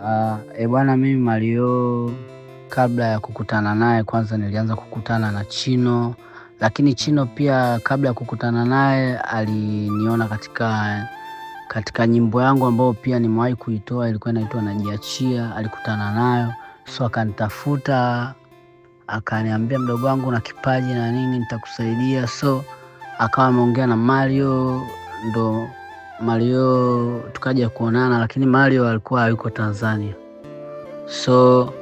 Uh, ah, ebwana eh, mimi Mario kabla ya kukutana naye kwanza nilianza kukutana na Chino, lakini Chino pia kabla ya kukutana naye aliniona katika katika nyimbo yangu ambayo pia nimewahi kuitoa, ilikuwa inaitwa Najiachia. Alikutana nayo so akanitafuta akaniambia, mdogo wangu na kipaji na nini, nitakusaidia. So akawa ameongea na Mario ndo Mario tukaja kuonana, lakini Mario alikuwa yuko Tanzania, so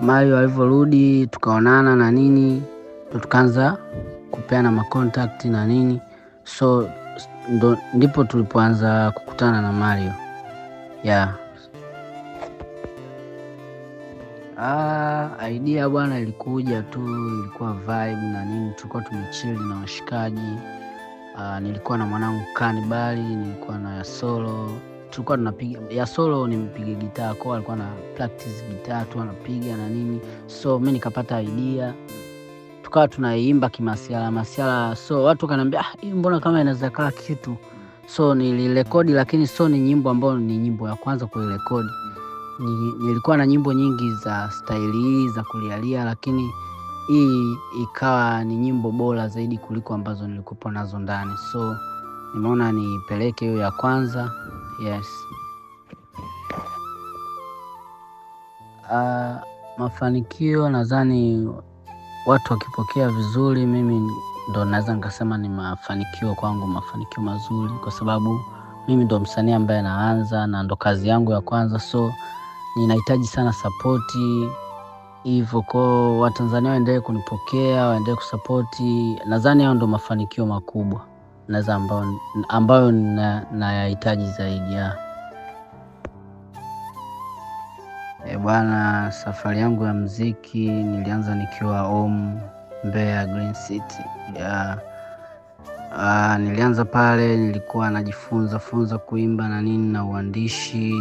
Mario alivyorudi tukaonana na nini, ndo tukaanza kupeana makontakti na nini, so ndo, ndipo tulipoanza kukutana na Mario yeah. Ah, idea bwana ilikuja tu, ilikuwa vibe na nini, tulikuwa tumechili na washikaji Uh, nilikuwa na mwanangu Kanibali, nilikuwa na Yasolo, tulikuwa tunapiga. Yasolo ni mpiga gitaa ko alikuwa na practice gitaa tu anapiga na nini, so mi nikapata idea tukawa tunaimba kimasiala masiala, so watu wakaniambia ah, hii mbona kama inaweza kaa kitu. So nilirekodi, lakini so ni nyimbo ambayo ni nyimbo ya kwanza kuirekodi. Nilikuwa na nyimbo nyingi za staili hii za kulialia, lakini hii ikawa ni nyimbo bora zaidi kuliko ambazo nilikuwa nazo ndani, so nimeona nipeleke hiyo ya kwanza. Yes. Uh, mafanikio nadhani watu wakipokea vizuri, mimi ndo naweza nikasema ni mafanikio kwangu, mafanikio mazuri, kwa sababu mimi ndo msanii ambaye naanza na ndo kazi yangu ya kwanza, so ninahitaji sana sapoti hivyo kwao Watanzania waendelee kunipokea, waendelee kusapoti. Nadhani hayo ndo mafanikio makubwa naza ambayo, ambayo nayahitaji na zaidi ya e bwana. Safari yangu ya mziki nilianza nikiwa home Mbeya Green City ya, a, nilianza pale, nilikuwa najifunza funza kuimba na nini na uandishi,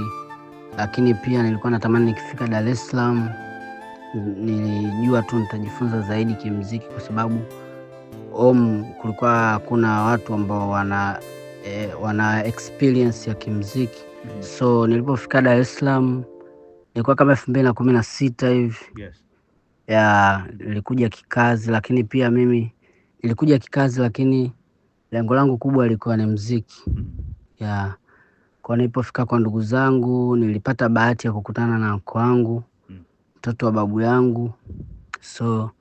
lakini pia nilikuwa natamani nikifika Dar es Salaam nilijua tu nitajifunza zaidi kimziki kwa sababu om um, kulikuwa hakuna watu ambao wana eh, wana experience ya kimziki mm. So nilipofika Dar es Salaam nilikuwa kama elfu mbili na kumi na sita hivi yes. Ya, nilikuja kikazi lakini pia mimi nilikuja kikazi lakini lengo langu kubwa ilikuwa ni mziki mm. Ya, kwa nilipofika kwa ndugu zangu nilipata bahati ya kukutana na mko mtoto wa babu yangu, so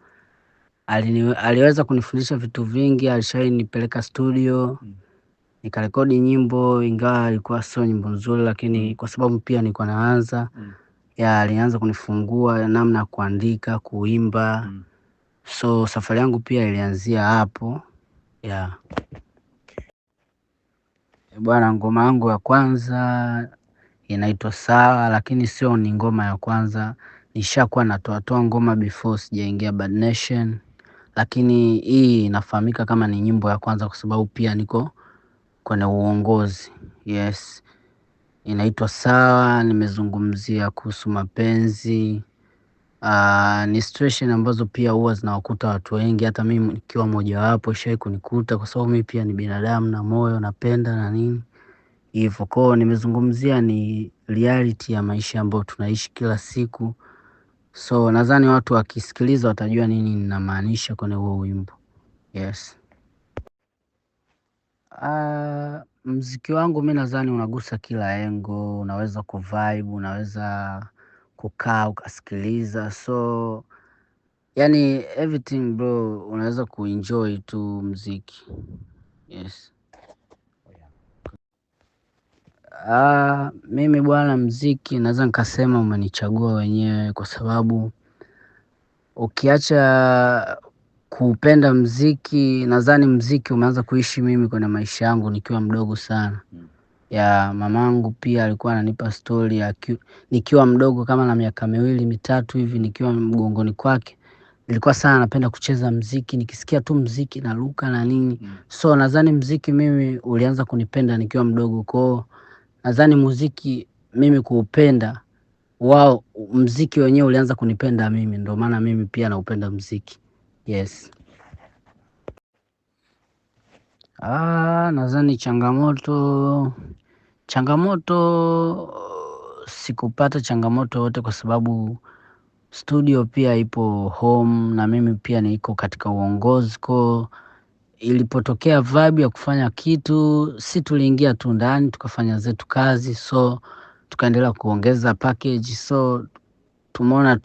aliniwe, aliweza kunifundisha vitu vingi. Alishai nipeleka studio nikarekodi nyimbo, ingawa ilikuwa sio nyimbo nzuri, lakini mm. kwa sababu pia nilikuwa naanza mm. ya alianza kunifungua namna ya kuandika, kuimba mm. so safari yangu pia ilianzia hapo ya bwana. Ngoma yangu ya kwanza inaitwa Sawa, lakini sio ni ngoma ya kwanza nishakuwa natoatoa ngoma before sijaingia Bad Nation, lakini hii inafahamika kama ni nyimbo ya kwanza kwa sababu pia niko kwenye uongozi. Yes, inaitwa Sawa. Nimezungumzia kuhusu mapenzi. Uh, ni situation ambazo pia huwa zinawakuta watu wengi, hata mimi nikiwa mojawapo ishawai kunikuta, kwa sababu mimi pia ni binadamu na moyo napenda na nini hivyo. Kwao nimezungumzia ni reality ya maisha ambayo tunaishi kila siku. So nadhani watu wakisikiliza watajua nini ninamaanisha kwenye huo wimbo. Yes. Uh, mziki wangu mi nadhani unagusa kila engo, unaweza kuvibe, unaweza kukaa ukasikiliza, so yani everything bro, unaweza kuenjoy tu mziki. Yes. Aa, ah, mimi bwana mziki naweza nikasema umenichagua wenyewe kwa sababu ukiacha kuupenda mziki nadhani mziki umeanza kuishi mimi kwenye maisha yangu nikiwa mdogo sana. Hmm. Ya mamangu pia alikuwa ananipa stori nikiwa mdogo kama na miaka miwili mitatu hivi nikiwa mgongoni kwake. Nilikuwa sana napenda kucheza mziki nikisikia tu mziki naruka na nini hmm. so nadhani mziki mimi ulianza kunipenda nikiwa mdogo kwa nadhani muziki mimi kuupenda wao, mziki wenyewe ulianza kunipenda mimi, ndio maana mimi pia naupenda mziki. Yes. Ah, nadhani changamoto changamoto sikupata changamoto yote kwa sababu studio pia ipo home na mimi pia niko katika uongozi ko ilipotokea vibe ya kufanya kitu, si tuliingia tu ndani tukafanya zetu kazi, so tukaendelea kuongeza package, so tumeona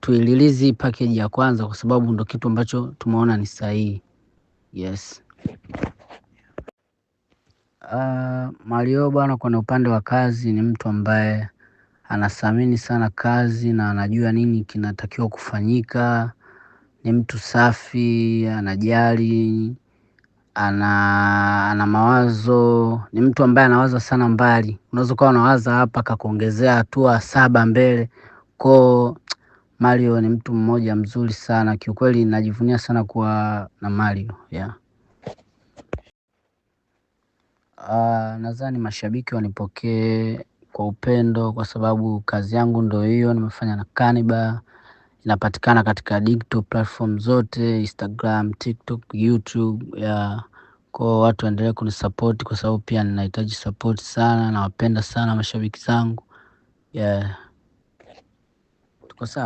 tuililizi package ya kwanza, kwa sababu ndo kitu ambacho tumeona ni sahihi. Yes. Uh, Mario bwana, kwenye upande wa kazi ni mtu ambaye anathamini sana kazi na anajua nini kinatakiwa kufanyika ni mtu safi, anajali, ana mawazo, ni mtu ambaye anawaza sana mbali. Unaweza ukawa unawaza hapa akakuongezea hatua saba mbele koo. Mario ni mtu mmoja mzuri sana kiukweli, najivunia sana kuwa na Mario yeah. Uh, nadhani mashabiki wanipokee kwa upendo, kwa sababu kazi yangu ndio hiyo, nimefanya na Kaniba. Inapatikana katika digital platform zote Instagram, TikTok, YouTube ya kwa watu waendelee kunisupport kwa sababu pia ninahitaji support sana. Nawapenda sana mashabiki zangu yeah. Tuko sawa.